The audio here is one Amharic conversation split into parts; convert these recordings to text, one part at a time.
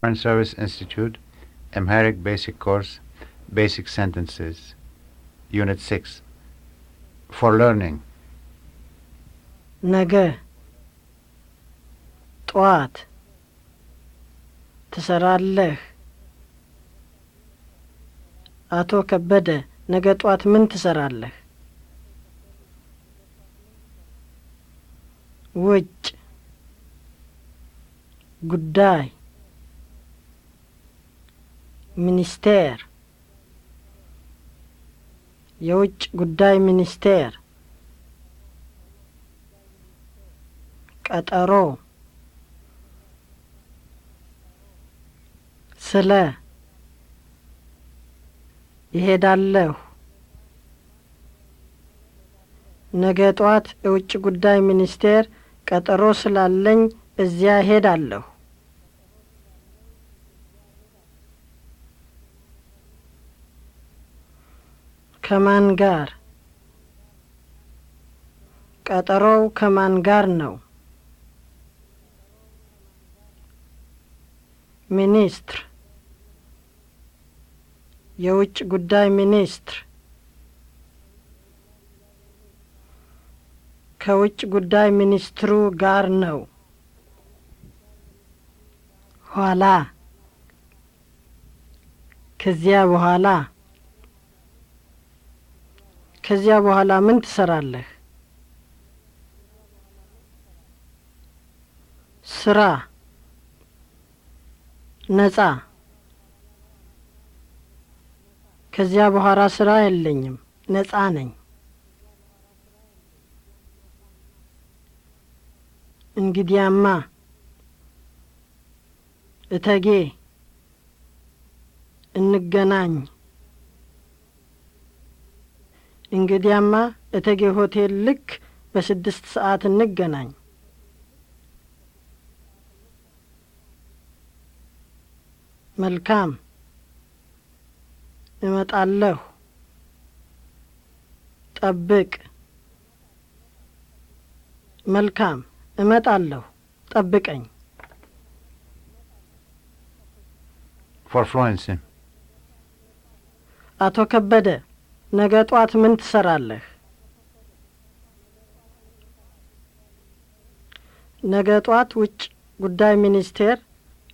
Foreign Service Institute, Amharic Basic Course, Basic Sentences, Unit 6. For Learning. ነገ Twat. ትሰራለህ? አቶ ከበደ ነገ ጠዋት ምን ትሰራለህ? ውጭ ጉዳይ ሚኒስቴር የውጭ ጉዳይ ሚኒስቴር ቀጠሮ ስለ ይሄዳለሁ ነገ ጧት የውጭ ጉዳይ ሚኒስቴር ቀጠሮ ስላለኝ እዚያ ሄዳለሁ ከማን ጋር? ቀጠሮው ከማን ጋር ነው? ሚኒስትር የውጭ ጉዳይ ሚኒስትር ከውጭ ጉዳይ ሚኒስትሩ ጋር ነው። ኋላ ከዚያ በኋላ ከዚያ በኋላ ምን ትሰራለህ? ስራ፣ ነጻ። ከዚያ በኋላ ስራ የለኝም፣ ነጻ ነኝ። እንግዲያማ እተጌ እንገናኝ። እንግዲያማ እቴጌ ሆቴል ልክ በስድስት ሰዓት እንገናኝ። መልካም እመጣለሁ። ጠብቅ። መልካም እመጣለሁ። ጠብቀኝ። ፎር ፍሎረንስ አቶ ከበደ ነገ ጧት ምን ትሰራለህ? ነገ ጧት ውጭ ጉዳይ ሚኒስቴር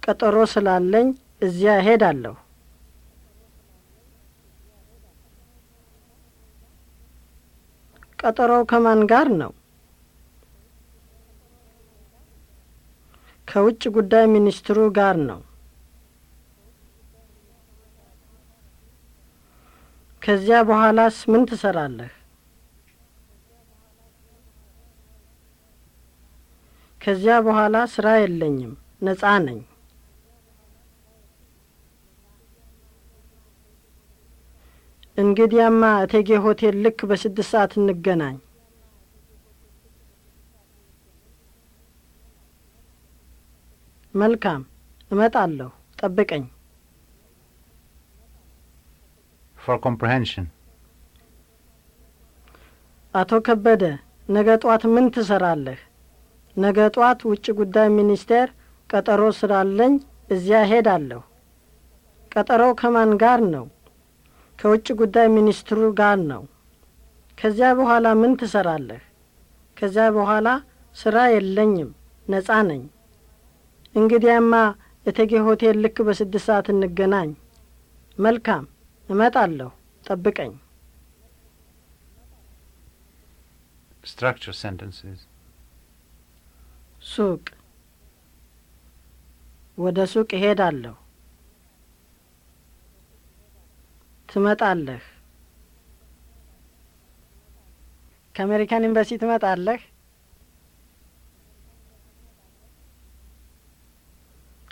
ቀጠሮ ስላለኝ እዚያ እሄዳለሁ። ቀጠሮው ከማን ጋር ነው? ከውጭ ጉዳይ ሚኒስትሩ ጋር ነው። ከዚያ በኋላስ ምን ትሰራለህ? ከዚያ በኋላ ስራ የለኝም፣ ነጻ ነኝ። እንግዲያማ እቴጌ ሆቴል ልክ በስድስት ሰዓት እንገናኝ። መልካም፣ እመጣለሁ። ጠብቀኝ። for comprehension. አቶ ከበደ ነገ ጧት ምን ትሰራለህ? ነገ ጧት ውጭ ጉዳይ ሚኒስቴር ቀጠሮ ስላለኝ እዚያ ሄዳለሁ። ቀጠሮው ከማን ጋር ነው? ከውጭ ጉዳይ ሚኒስትሩ ጋር ነው። ከዚያ በኋላ ምን ትሰራለህ? ከዚያ በኋላ ስራ የለኝም፣ ነጻ ነኝ። እንግዲያማ እቴጌ ሆቴል ልክ በስድስት ሰዓት እንገናኝ። መልካም እመጣለሁ፣ ጠብቀኝ። structure sentences ሱቅ፣ ወደ ሱቅ እሄዳለሁ። ትመጣለህ፣ ከአሜሪካን ኤምባሲ ትመጣለህ።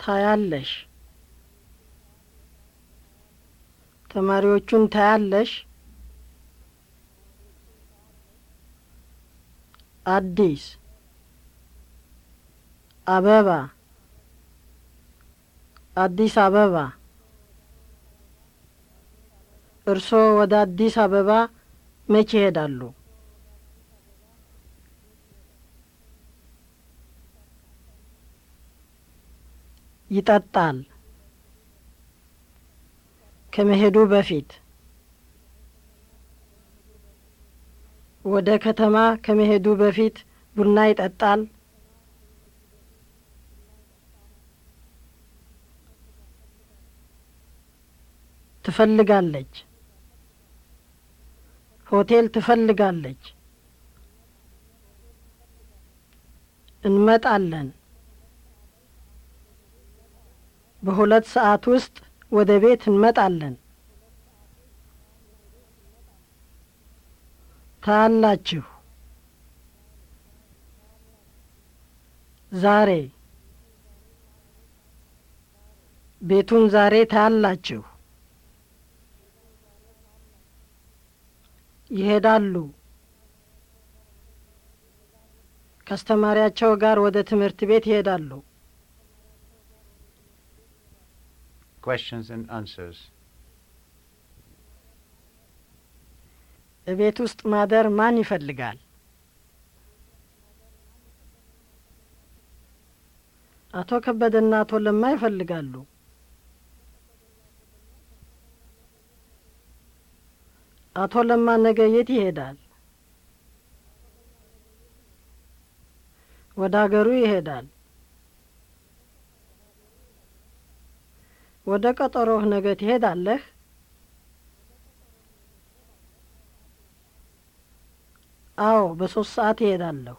ታያለሽ ተማሪዎቹን ታያለሽ? አዲስ አበባ አዲስ አበባ እርስዎ ወደ አዲስ አበባ መቼ ይሄዳሉ? ይጠጣል ከመሄዱ በፊት ወደ ከተማ ከመሄዱ በፊት ቡና ይጠጣል። ትፈልጋለች። ሆቴል ትፈልጋለች። እንመጣለን። በሁለት ሰዓት ውስጥ ወደ ቤት እንመጣለን። ታያላችሁ ዛሬ ቤቱን ዛሬ ታያላችሁ። ይሄዳሉ ከአስተማሪያቸው ጋር ወደ ትምህርት ቤት ይሄዳሉ። questions and answers. እቤት ውስጥ ማደር ማን ይፈልጋል? አቶ ከበደና አቶ ለማ ይፈልጋሉ። አቶ ለማ ነገ የት ይሄዳል? ወደ አገሩ ይሄዳል። ወደ ቀጠሮህ ነገ ትሄዳለህ? አዎ፣ በሶስት ሰዓት እሄዳለሁ።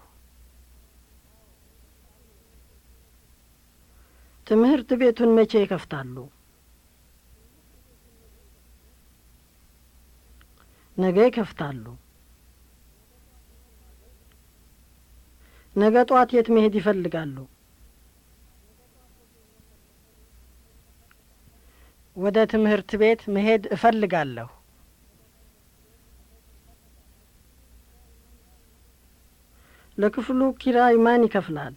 ትምህርት ቤቱን መቼ ይከፍታሉ? ነገ ይከፍታሉ። ነገ ጠዋት የት መሄድ ይፈልጋሉ? ወደ ትምህርት ቤት መሄድ እፈልጋለሁ። ለክፍሉ ኪራይ ማን ይከፍላል?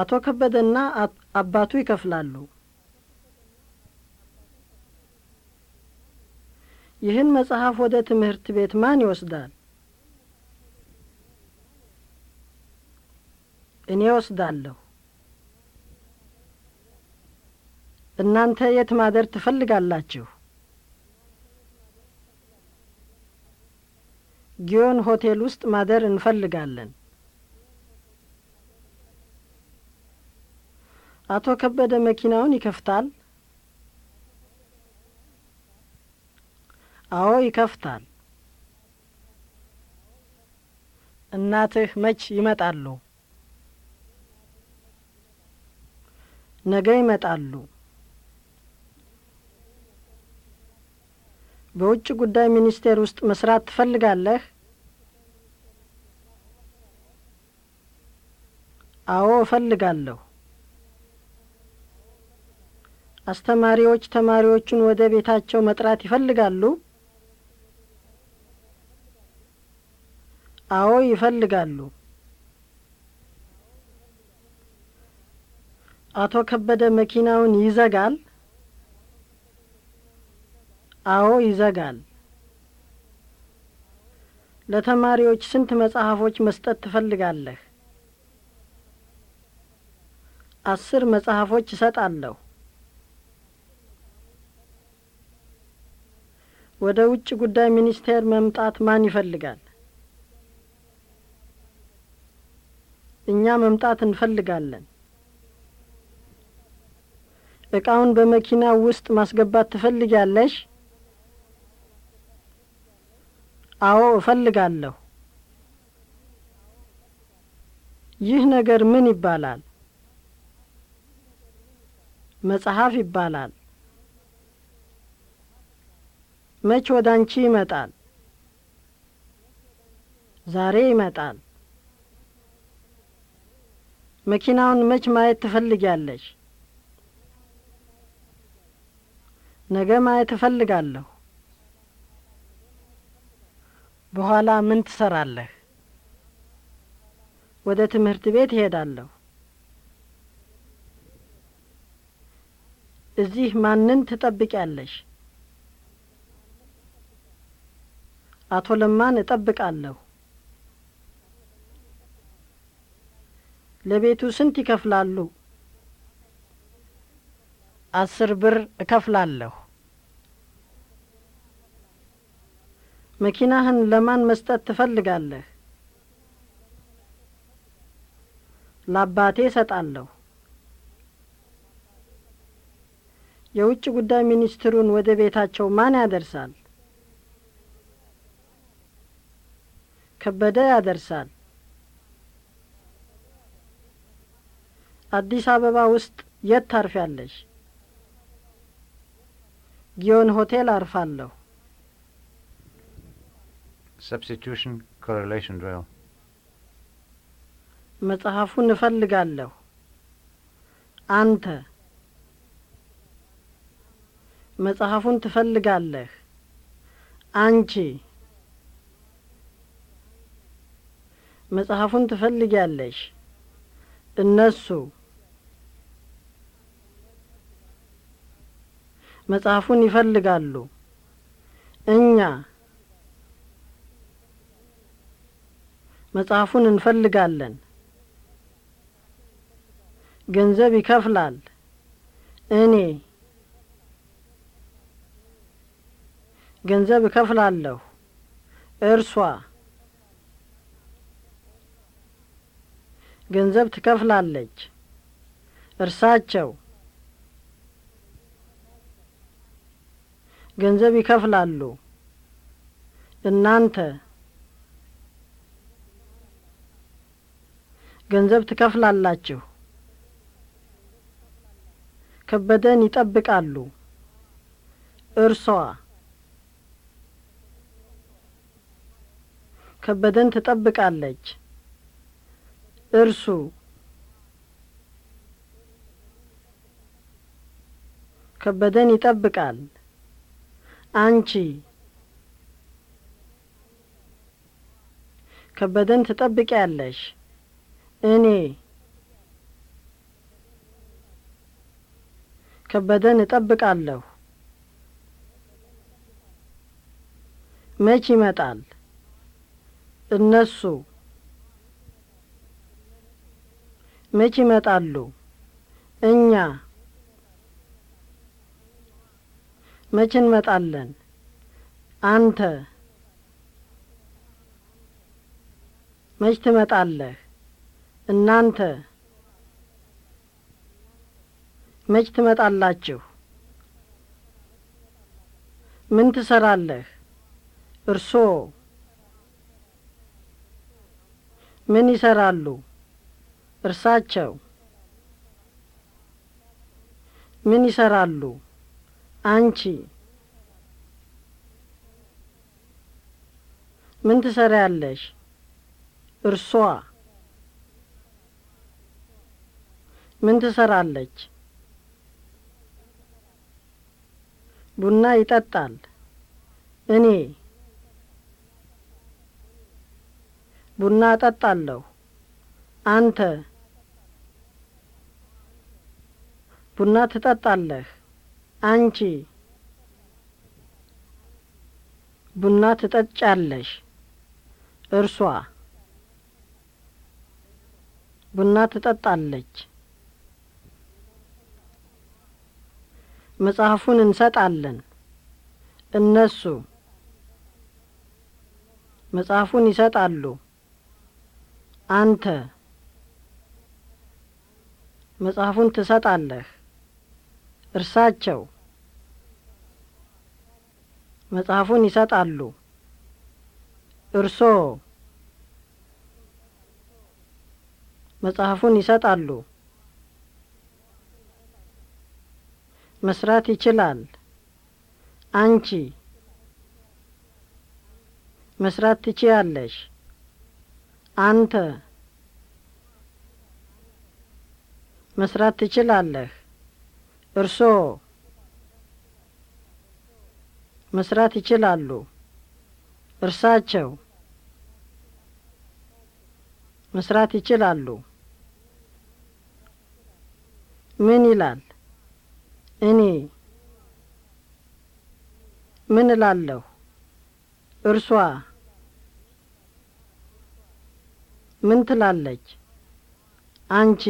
አቶ ከበደና አባቱ ይከፍላሉ። ይህን መጽሐፍ ወደ ትምህርት ቤት ማን ይወስዳል? እኔ እወስዳለሁ። እናንተ የት ማደር ትፈልጋላችሁ? ጊዮን ሆቴል ውስጥ ማደር እንፈልጋለን። አቶ ከበደ መኪናውን ይከፍታል? አዎ ይከፍታል። እናትህ መች ይመጣሉ? ነገ ይመጣሉ። በውጭ ጉዳይ ሚኒስቴር ውስጥ መስራት ትፈልጋለህ? አዎ እፈልጋለሁ። አስተማሪዎች ተማሪዎቹን ወደ ቤታቸው መጥራት ይፈልጋሉ? አዎ ይፈልጋሉ። አቶ ከበደ መኪናውን ይዘጋል? አዎ ይዘጋል። ለተማሪዎች ስንት መጽሐፎች መስጠት ትፈልጋለህ? አስር መጽሐፎች እሰጣለሁ። ወደ ውጭ ጉዳይ ሚኒስቴር መምጣት ማን ይፈልጋል? እኛ መምጣት እንፈልጋለን። እቃውን በመኪና ውስጥ ማስገባት ትፈልጊያለሽ? አዎ እፈልጋለሁ። ይህ ነገር ምን ይባላል? መጽሐፍ ይባላል። መች ወደ አንቺ ይመጣል? ዛሬ ይመጣል። መኪናውን መች ማየት ትፈልጊያለሽ? ነገ ማየት እፈልጋለሁ። በኋላ ምን ትሰራለህ? ወደ ትምህርት ቤት እሄዳለሁ። እዚህ ማንን ትጠብቂያለሽ? አቶ ለማን እጠብቃለሁ። ለቤቱ ስንት ይከፍላሉ? አስር ብር እከፍላለሁ። መኪናህን ለማን መስጠት ትፈልጋለህ? ለአባቴ እሰጣለሁ። የውጭ ጉዳይ ሚኒስትሩን ወደ ቤታቸው ማን ያደርሳል? ከበደ ያደርሳል። አዲስ አበባ ውስጥ የት ታርፊያለሽ? ጊዮን ሆቴል አርፋለሁ። Substitution correlation drill. መጽሐፉን እፈልጋለሁ። አንተ መጽሐፉን ትፈልጋለህ። አንቺ መጽሐፉን ትፈልጊያለሽ። እነሱ መጽሐፉን ይፈልጋሉ። እኛ መጽሐፉን እንፈልጋለን። ገንዘብ ይከፍላል። እኔ ገንዘብ እከፍላለሁ። እርሷ ገንዘብ ትከፍላለች። እርሳቸው ገንዘብ ይከፍላሉ። እናንተ ገንዘብ ትከፍላላችሁ። ከበደን ይጠብቃሉ። እርሷ ከበደን ትጠብቃለች። እርሱ ከበደን ይጠብቃል። አንቺ ከበደን ትጠብቂያለሽ። እኔ ከበደን እጠብቃለሁ። መች ይመጣል? እነሱ መች ይመጣሉ? እኛ መች እንመጣለን? አንተ መች ትመጣለህ? እናንተ መች ትመጣላችሁ? ምን ትሰራለህ? እርሶ ምን ይሰራሉ? እርሳቸው ምን ይሰራሉ? አንቺ ምን ትሰሪያለሽ? እርሷ ምን ትሰራለች? ቡና ይጠጣል። እኔ ቡና እጠጣለሁ። አንተ ቡና ትጠጣለህ። አንቺ ቡና ትጠጫለሽ። እርሷ ቡና ትጠጣለች። መጽሐፉን እንሰጣለን። እነሱ መጽሐፉን ይሰጣሉ። አንተ መጽሐፉን ትሰጣለህ። እርሳቸው መጽሐፉን ይሰጣሉ። እርሶ መጽሐፉን ይሰጣሉ። መስራት ይችላል። አንቺ መስራት ትችያለሽ። አንተ መስራት ትችላለህ። እርሶ መስራት ይችላሉ። እርሳቸው መስራት ይችላሉ። ምን ይላል? እኔ ምን እላለሁ? እርሷ ምን ትላለች? አንቺ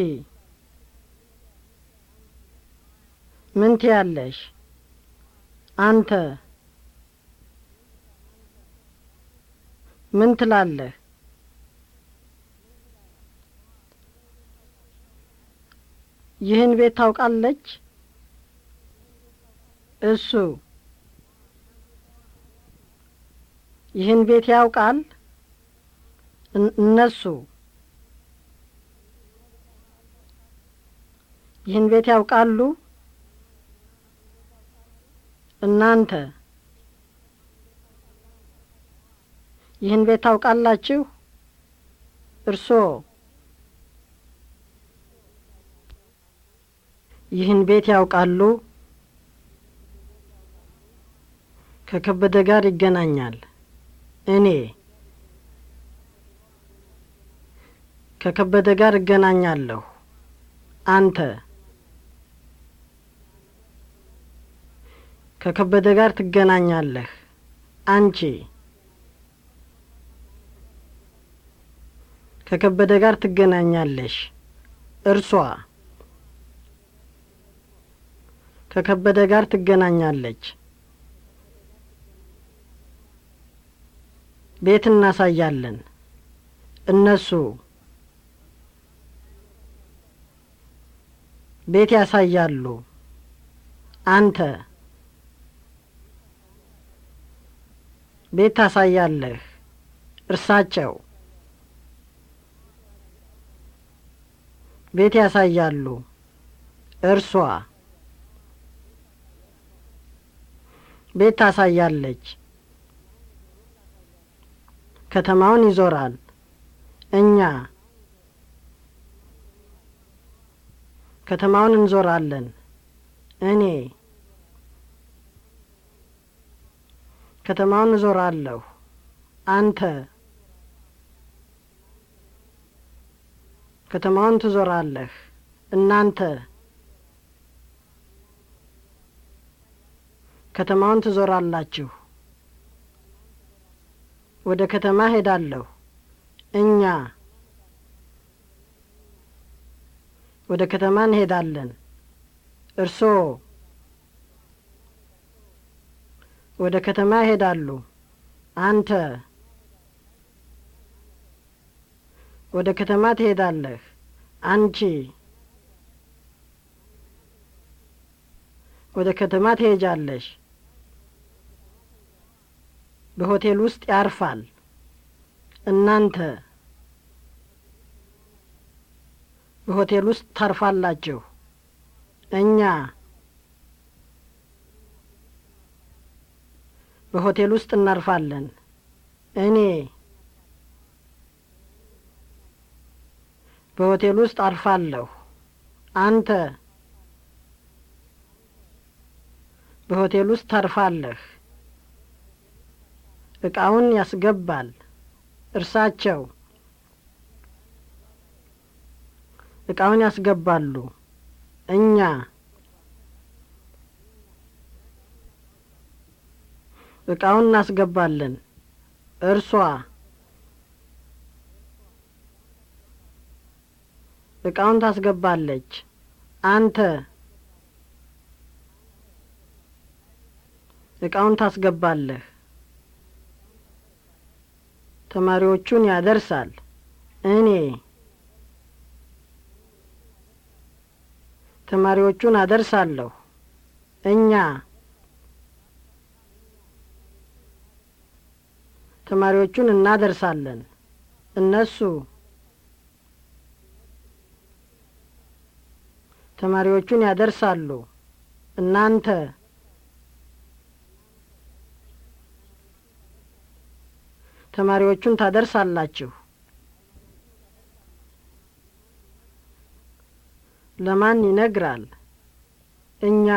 ምን ትያለሽ? አንተ ምን ትላለህ? ይህን ቤት ታውቃለች? እሱ ይህን ቤት ያውቃል። እነሱ ይህን ቤት ያውቃሉ። እናንተ ይህን ቤት ታውቃላችሁ። እርሶ ይህን ቤት ያውቃሉ። ከከበደ ጋር ይገናኛል። እኔ ከከበደ ጋር እገናኛለሁ። አንተ ከከበደ ጋር ትገናኛለህ። አንቺ ከከበደ ጋር ትገናኛለሽ። እርሷ ከከበደ ጋር ትገናኛለች። ቤት እናሳያለን። እነሱ ቤት ያሳያሉ። አንተ ቤት ታሳያለህ። እርሳቸው ቤት ያሳያሉ። እርሷ ቤት ታሳያለች። ከተማውን ይዞራል። እኛ ከተማውን እንዞራለን። እኔ ከተማውን እዞራለሁ። አንተ ከተማውን ትዞራለህ። እናንተ ከተማውን ትዞራላችሁ። ወደ ከተማ ሄዳለሁ። እኛ ወደ ከተማ እንሄዳለን። እርስዎ ወደ ከተማ ይሄዳሉ። አንተ ወደ ከተማ ትሄዳለህ። አንቺ ወደ ከተማ ትሄጃለሽ። በሆቴል ውስጥ ያርፋል። እናንተ በሆቴል ውስጥ ታርፋላችሁ። እኛ በሆቴል ውስጥ እናርፋለን። እኔ በሆቴል ውስጥ አርፋለሁ። አንተ በሆቴል ውስጥ ታርፋለህ። እቃውን ያስገባል። እርሳቸው እቃውን ያስገባሉ። እኛ እቃውን እናስገባለን። እርሷ እቃውን ታስገባለች። አንተ እቃውን ታስገባለህ። ተማሪዎቹን ያደርሳል። እኔ ተማሪዎቹን አደርሳለሁ። እኛ ተማሪዎቹን እናደርሳለን። እነሱ ተማሪዎቹን ያደርሳሉ። እናንተ ተማሪዎቹን ታደርሳላችሁ። ለማን ይነግራል? እኛ።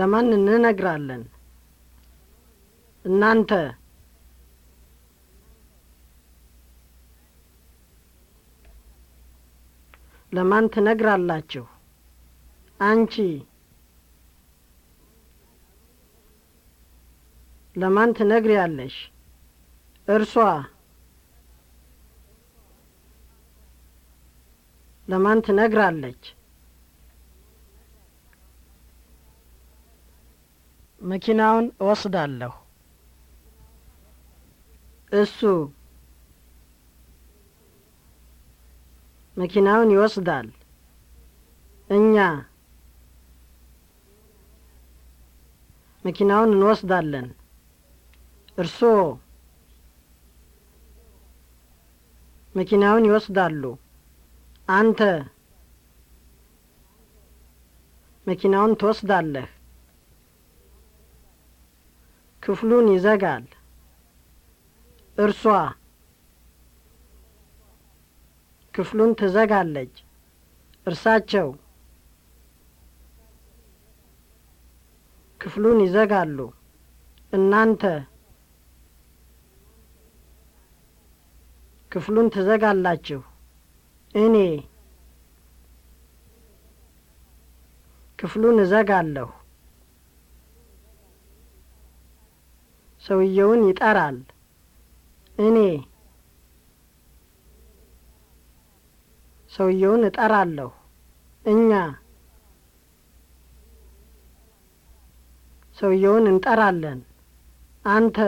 ለማን እንነግራለን? እናንተ። ለማን ትነግራላችሁ? አንቺ ለማን ትነግሪያለሽ? እርሷ። ለማን ትነግራለች? መኪናውን እወስዳለሁ። እሱ መኪናውን ይወስዳል። እኛ መኪናውን እንወስዳለን። እርሶ መኪናውን ይወስዳሉ። አንተ መኪናውን ትወስዳለህ። ክፍሉን ይዘጋል። እርሷ ክፍሉን ትዘጋለች። እርሳቸው ክፍሉን ይዘጋሉ። እናንተ ክፍሉን ትዘጋላችሁ። እኔ ክፍሉን እዘጋለሁ። ሰውየውን ይጠራል። እኔ ሰውየውን እጠራለሁ። እኛ ሰውየውን እንጠራለን። አንተ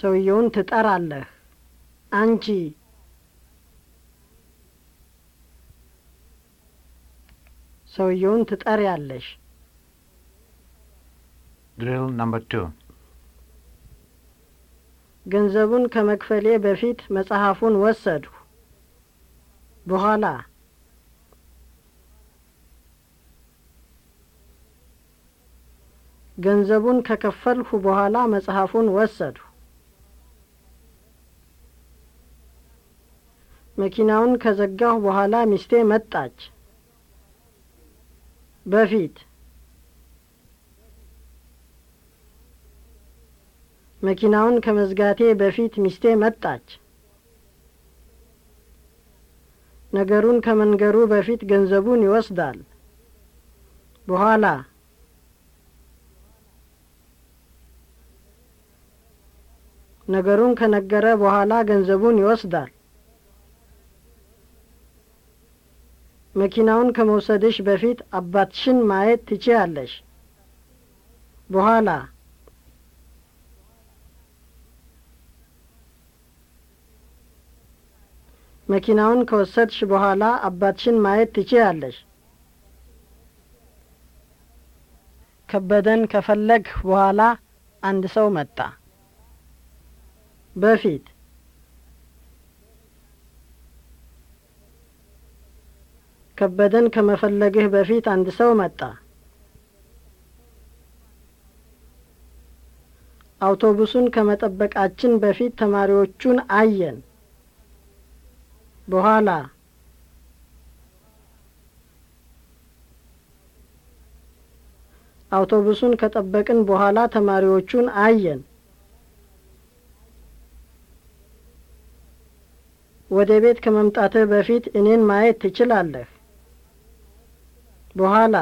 ሰውየውን ትጠራለህ። አንቺ ሰውየውን ትጠሪያለሽ። ድሪል ነምበር ቱ ገንዘቡን ከመክፈሌ በፊት መጽሐፉን ወሰድሁ። በኋላ ገንዘቡን ከከፈልሁ በኋላ መጽሐፉን ወሰድሁ። መኪናውን ከዘጋሁ በኋላ ሚስቴ መጣች። በፊት መኪናውን ከመዝጋቴ በፊት ሚስቴ መጣች። ነገሩን ከመንገሩ በፊት ገንዘቡን ይወስዳል። በኋላ ነገሩን ከነገረ በኋላ ገንዘቡን ይወስዳል። መኪናውን ከመውሰድሽ በፊት አባትሽን ማየት ትችያለሽ። በኋላ መኪናውን ከወሰድሽ በኋላ አባትሽን ማየት ትችያለሽ። ከበደን ከፈለግህ በኋላ አንድ ሰው መጣ። በፊት ከበደን ከመፈለግህ በፊት አንድ ሰው መጣ። አውቶቡሱን ከመጠበቃችን በፊት ተማሪዎቹን አየን። በኋላ አውቶቡሱን ከጠበቅን በኋላ ተማሪዎቹን አየን። ወደ ቤት ከመምጣትህ በፊት እኔን ማየት ትችላለህ። በኋላ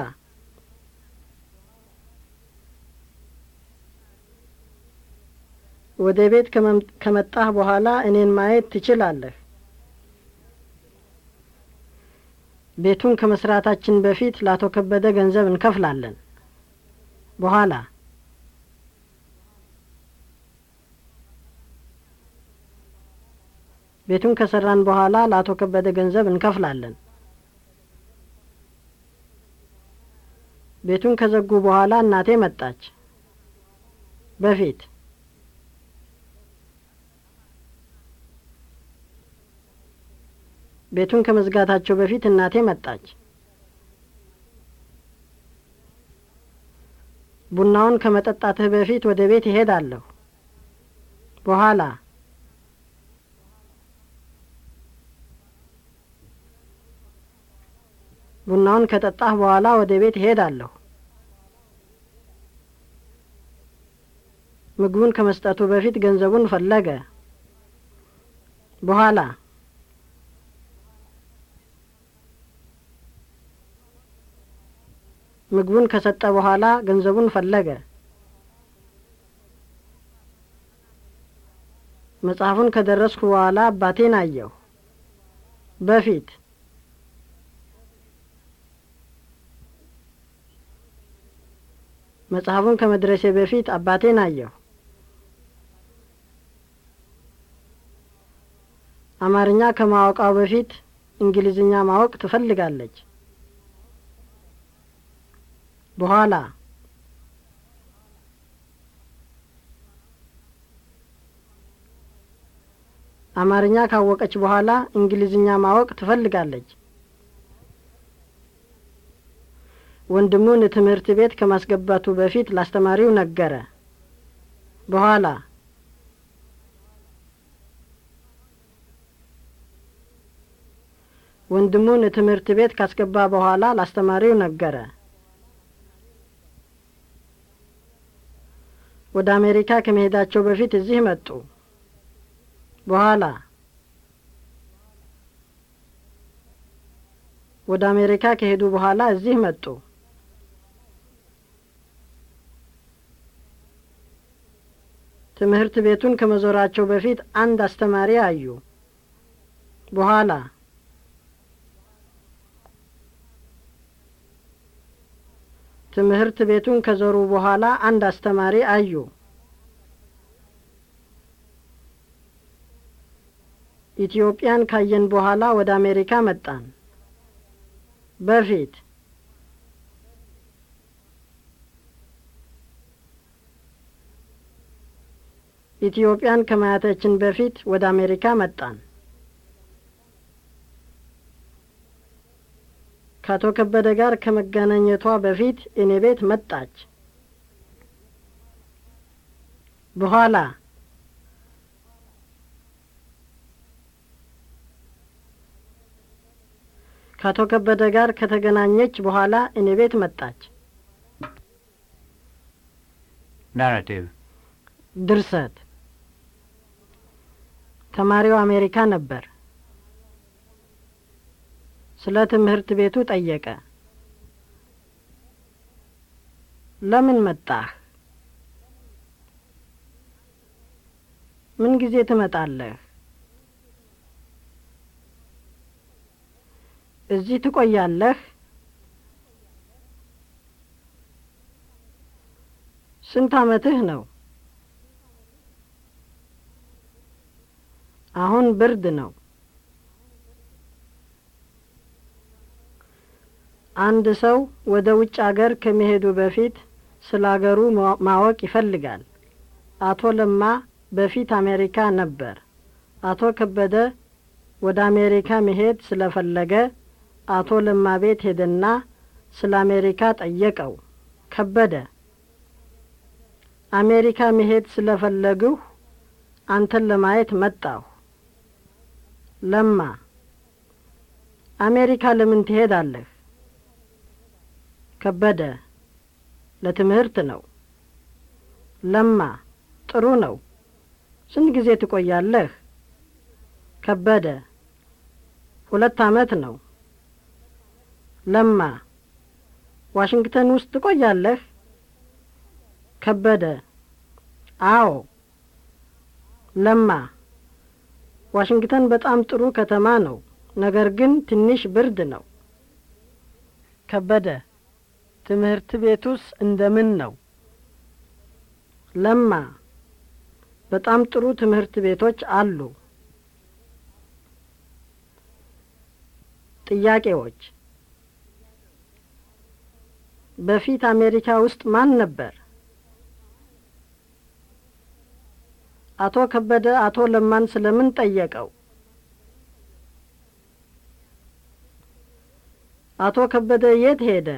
ወደ ቤት ከመጣህ በኋላ እኔን ማየት ትችላለህ። ቤቱን ከመስራታችን በፊት ላቶ ከበደ ገንዘብ እንከፍላለን። በኋላ ቤቱን ከሰራን በኋላ ላቶ ከበደ ገንዘብ እንከፍላለን። ቤቱን ከዘጉ በኋላ እናቴ መጣች። በፊት ቤቱን ከመዝጋታቸው በፊት እናቴ መጣች። ቡናውን ከመጠጣትህ በፊት ወደ ቤት ይሄዳለሁ። በኋላ ቡናውን ከጠጣህ በኋላ ወደ ቤት ይሄዳለሁ። ምግቡን ከመስጠቱ በፊት ገንዘቡን ፈለገ። በኋላ ምግቡን ከሰጠ በኋላ ገንዘቡን ፈለገ። መጽሐፉን ከደረስኩ በኋላ አባቴን አየሁ። በፊት መጽሐፉን ከመድረሴ በፊት አባቴን አየሁ። አማርኛ ከማወቋ በፊት እንግሊዝኛ ማወቅ ትፈልጋለች። በኋላ አማርኛ ካወቀች በኋላ እንግሊዝኛ ማወቅ ትፈልጋለች። ወንድሙን ትምህርት ቤት ከማስገባቱ በፊት ላስተማሪው ነገረ። በኋላ ወንድሙን ትምህርት ቤት ካስገባ በኋላ ላስተማሪው ነገረ። ወደ አሜሪካ ከመሄዳቸው በፊት እዚህ መጡ። በኋላ ወደ አሜሪካ ከሄዱ በኋላ እዚህ መጡ። ትምህርት ቤቱን ከመዞራቸው በፊት አንድ አስተማሪ አዩ። በኋላ ትምህርት ቤቱን ከዞሩ በኋላ አንድ አስተማሪ አዩ። ኢትዮጵያን ካየን በኋላ ወደ አሜሪካ መጣን። በፊት ኢትዮጵያን ከማየታችን በፊት ወደ አሜሪካ መጣን። ከአቶ ከበደ ጋር ከመገናኘቷ በፊት እኔ ቤት መጣች። በኋላ ከአቶ ከበደ ጋር ከተገናኘች በኋላ እኔ ቤት መጣች። ናራቲቭ ድርሰት ተማሪው አሜሪካ ነበር። ስለ ትምህርት ቤቱ ጠየቀ። ለምን መጣህ? ምን ጊዜ ትመጣለህ? እዚህ ትቆያለህ? ስንት ዓመትህ ነው? አሁን ብርድ ነው። አንድ ሰው ወደ ውጭ አገር ከመሄዱ በፊት ስለ አገሩ ማወቅ ይፈልጋል። አቶ ለማ በፊት አሜሪካ ነበር። አቶ ከበደ ወደ አሜሪካ መሄድ ስለፈለገ አቶ ለማ ቤት ሄደና ስለ አሜሪካ ጠየቀው። ከበደ አሜሪካ መሄድ ፈለግሁ አንተን ለማየት መጣሁ። ለማ አሜሪካ ለምን ትሄዳለህ? ከበደ ለትምህርት ነው። ለማ ጥሩ ነው። ስንት ጊዜ ትቆያለህ? ከበደ ሁለት ዓመት ነው። ለማ ዋሽንግተን ውስጥ ትቆያለህ? ከበደ አዎ። ለማ ዋሽንግተን በጣም ጥሩ ከተማ ነው፣ ነገር ግን ትንሽ ብርድ ነው። ከበደ ትምህርት ቤቱስ እንደምን ነው? ለማ በጣም ጥሩ ትምህርት ቤቶች አሉ። ጥያቄዎች በፊት አሜሪካ ውስጥ ማን ነበር? አቶ ከበደ አቶ ለማን ስለምን ጠየቀው? አቶ ከበደ የት ሄደ?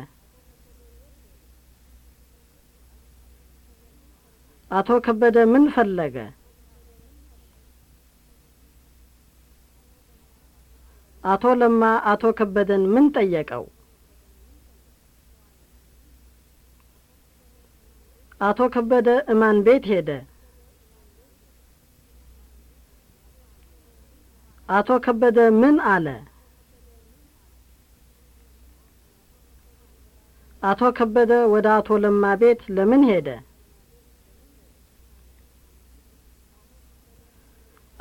አቶ ከበደ ምን ፈለገ? አቶ ለማ አቶ ከበደን ምን ጠየቀው? አቶ ከበደ እማን ቤት ሄደ? አቶ ከበደ ምን አለ? አቶ ከበደ ወደ አቶ ለማ ቤት ለምን ሄደ?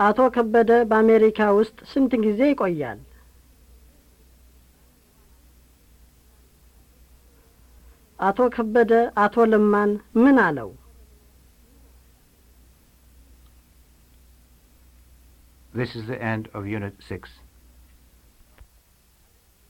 አቶ ከበደ በአሜሪካ ውስጥ ስንት ጊዜ ይቆያል? አቶ ከበደ አቶ ለማን ምን አለው? This is the end of Unit 6.